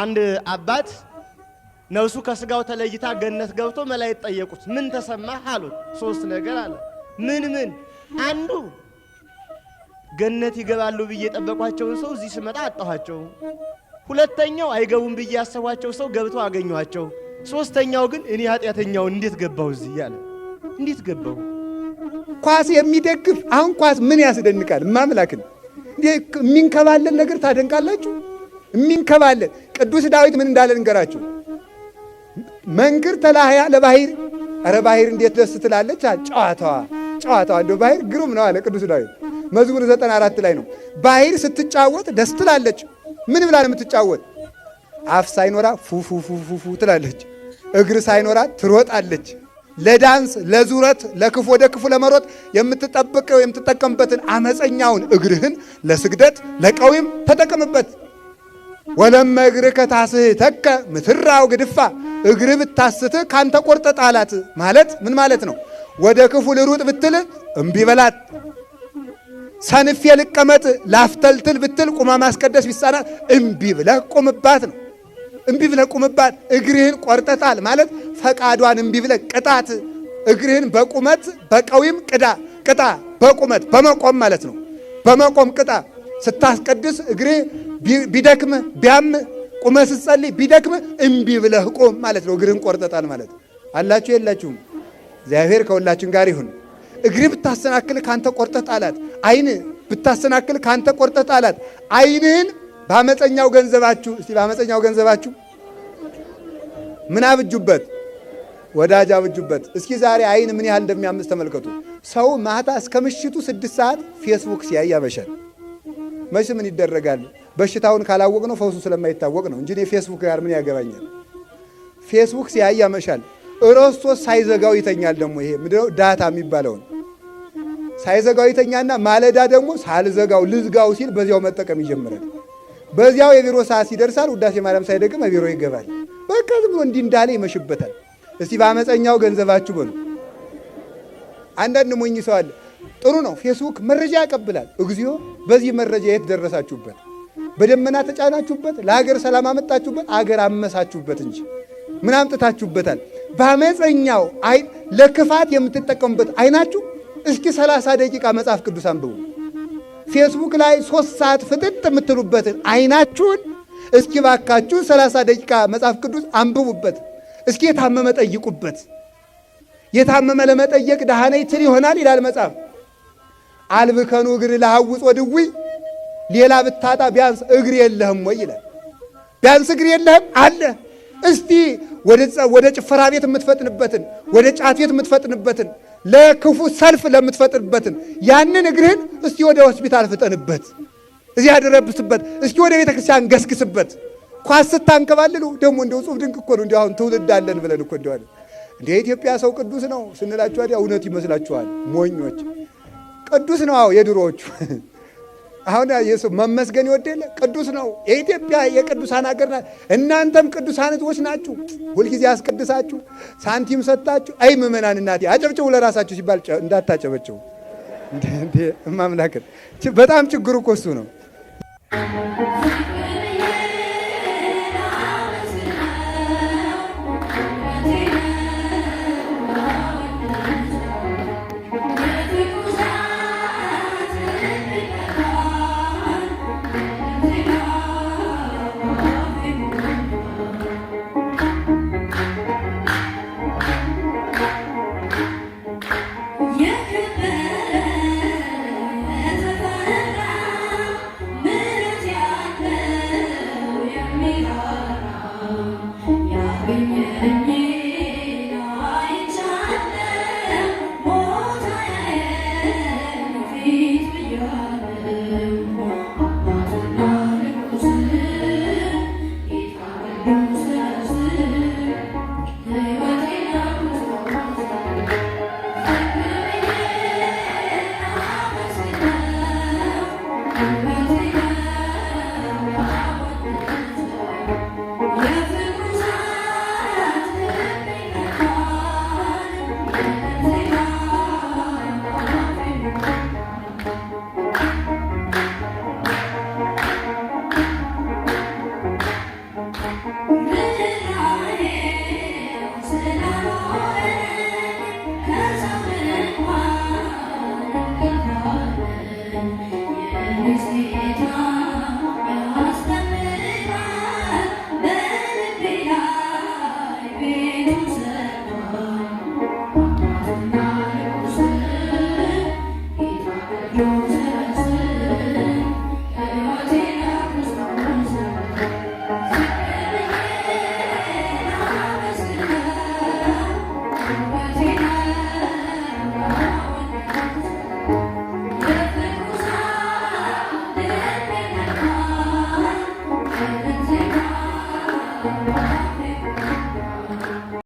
አንድ አባት ነፍሱ ከስጋው ተለይታ ገነት ገብቶ መላእክት ጠየቁት። ምን ተሰማህ አሉት። ሶስት ነገር አለ። ምን ምን? አንዱ ገነት ይገባሉ ብዬ የጠበቋቸውን ሰው እዚህ ስመጣ አጣኋቸው። ሁለተኛው አይገቡም ብዬ ያሰቧቸው ሰው ገብተው አገኘኋቸው። ሶስተኛው ግን እኔ ኃጢአተኛው እንዴት ገባው እዚህ እያለ እንዴት ገባው? ኳስ የሚደግፍ አሁን ኳስ ምን ያስደንቃል? ማምላክን የሚንከባለን ነገር ታደንቃላችሁ። የሚንከባለን ቅዱስ ዳዊት ምን እንዳለ ንገራችሁ። መንክር ተላህያ ለባሂር፣ ኧረ ባህር እንዴት ደስ ትላለች። ጨዋታዋ ጨዋታዋ እንደ ባሂር ግሩም ነው አለ ቅዱስ ዳዊት መዝሙር 94 ላይ ነው። ባህር ስትጫወት ደስ ትላለች። ምን ብላ ነው የምትጫወት? አፍ ሳይኖራ ፉፉፉፉ ትላለች። እግር ሳይኖራ ትሮጣለች። ለዳንስ ለዙረት ለክፉ ወደ ክፉ ለመሮጥ የምትጠብቀው የምትጠቀምበትን አመፀኛውን እግርህን ለስግደት ለቀዊም ተጠቀምበት። ወለመ እግርህ ከታስህ ተከ ምትራው ግድፋ እግር ብታስትህ ካንተ ቆርጠ ጣላት ማለት ምን ማለት ነው? ወደ ክፉ ልሩጥ ብትል እምቢ በላት። ሰንፌ ልቀመጥ ላፍተልትል ብትል ቁማ ማስቀደስ ቢሳናት እምቢ ብለህ ቁምባት ነው። እምቢ ብለህ ቁምባት እግርህን ቆርጠጣል ማለት ፈቃዷን እምቢ ብለህ ቅጣት። እግርህን በቁመት በቀዊም ቅዳ ቅጣ፣ በቁመት በመቆም ማለት ነው። በመቆም ቅጣ ስታስቀድስ እግሬ ቢደክም ቢያም ቁመ ስትጸልይ ቢደክም እምቢ ብለህ ቆም ማለት ነው። እግርን ቆርጠጣል ማለት አላችሁ የላችሁም? እግዚአብሔር ከሁላችን ጋር ይሁን። እግር ብታሰናክል ካንተ ቆርጠጥ አላት። አይን ብታሰናክል ካንተ ቆርጠጥ አላት። አይንህን በአመፀኛው ገንዘባችሁ እስቲ በአመፀኛው ገንዘባችሁ ምን አብጁበት ወዳጅ አብጁበት። እስኪ ዛሬ አይን ምን ያህል እንደሚያምስ ተመልከቱ። ሰው ማታ እስከ ምሽቱ ስድስት ሰዓት ፌስቡክ ሲያይ ያመሻል። መቼ ምን ይደረጋል? በሽታውን ካላወቅ ነው ፈውሱ ስለማይታወቅ ነው እንጂ ፌስቡክ ጋር ምን ያገባኛል? ፌስቡክ ሲያይ ያመሻል። እረስቶስ ሳይዘጋው ይተኛል። ደግሞ ይሄ ምንድነው ዳታ የሚባለውን ሳይዘጋው ይተኛና ማለዳ ደግሞ ሳልዘጋው ልዝጋው ሲል በዚያው መጠቀም ይጀምራል። በዚያው የቢሮ ሰዓት ሲደርሳል ውዳሴ ማርያም ሳይደግም ቢሮ ይገባል። በቃ ዝም ብሎ እንዲህ እንዳለ ይመሽበታል። እስቲ በአመፀኛው ገንዘባችሁ በሉ። አንዳንድ ሞኝ ሰው አለ ጥሩ ነው። ፌስቡክ መረጃ ያቀብላል። እግዚኦ! በዚህ መረጃ የት ደረሳችሁበት? በደመና ተጫናችሁበት፣ ለሀገር ሰላም አመጣችሁበት፣ አገር አመሳችሁበት እንጂ ምን አምጥታችሁበታል? በአመፀኛው ለክፋት የምትጠቀሙበት አይናችሁ። እስኪ ሰላሳ ደቂቃ መጽሐፍ ቅዱስ አንብቡ። ፌስቡክ ላይ ሶስት ሰዓት ፍጥጥ የምትሉበትን አይናችሁን እስኪ ባካችሁ ሰላሳ ደቂቃ መጽሐፍ ቅዱስ አንብቡበት። እስኪ የታመመ ጠይቁበት። የታመመ ለመጠየቅ ደሃ ይሆናል ይላል መጽሐፍ አልብከኑ እግር ለሐውጾ ድዊ ሌላ ብታጣ ቢያንስ እግር የለህም ወይ ይላል። ቢያንስ እግር የለህም አለ። እስቲ ወደ ጭፈራ ቤት የምትፈጥንበትን፣ ወደ ጫት ቤት የምትፈጥንበትን፣ ለክፉ ሰልፍ ለምትፈጥንበትን ያንን እግርህን እስቲ ወደ ሆስፒታል ፍጠንበት፣ እዚህ ያደረብስበት፣ እስኪ ወደ ቤተ ክርስቲያን ገስግስበት። ኳስ ስታንከባልሉ ደግሞ እንደው ጽሑፍ ድንቅ እኮ ነው። እንዲሁ አሁን ትውልድ አለን ብለን እኮ እንዲ አለ እንደ ኢትዮጵያ ሰው ቅዱስ ነው ስንላችኋል፣ እውነት ይመስላችኋል ሞኞች። ቅዱስ ነው። አዎ የድሮዎቹ አሁን ኢየሱስ መመስገን ይወደለ ቅዱስ ነው። የኢትዮጵያ የቅዱሳን ሀገር ናት። እናንተም ቅዱሳን ሕዝቦች ናችሁ። ሁልጊዜ አስቀድሳችሁ ሳንቲም ሰጥታችሁ፣ አይ ምእመናን እናቴ አጨብጭቡ ለራሳችሁ ሲባል እንዳታጨበጭቡ እማምላክን። በጣም ችግሩ እኮ እሱ ነው።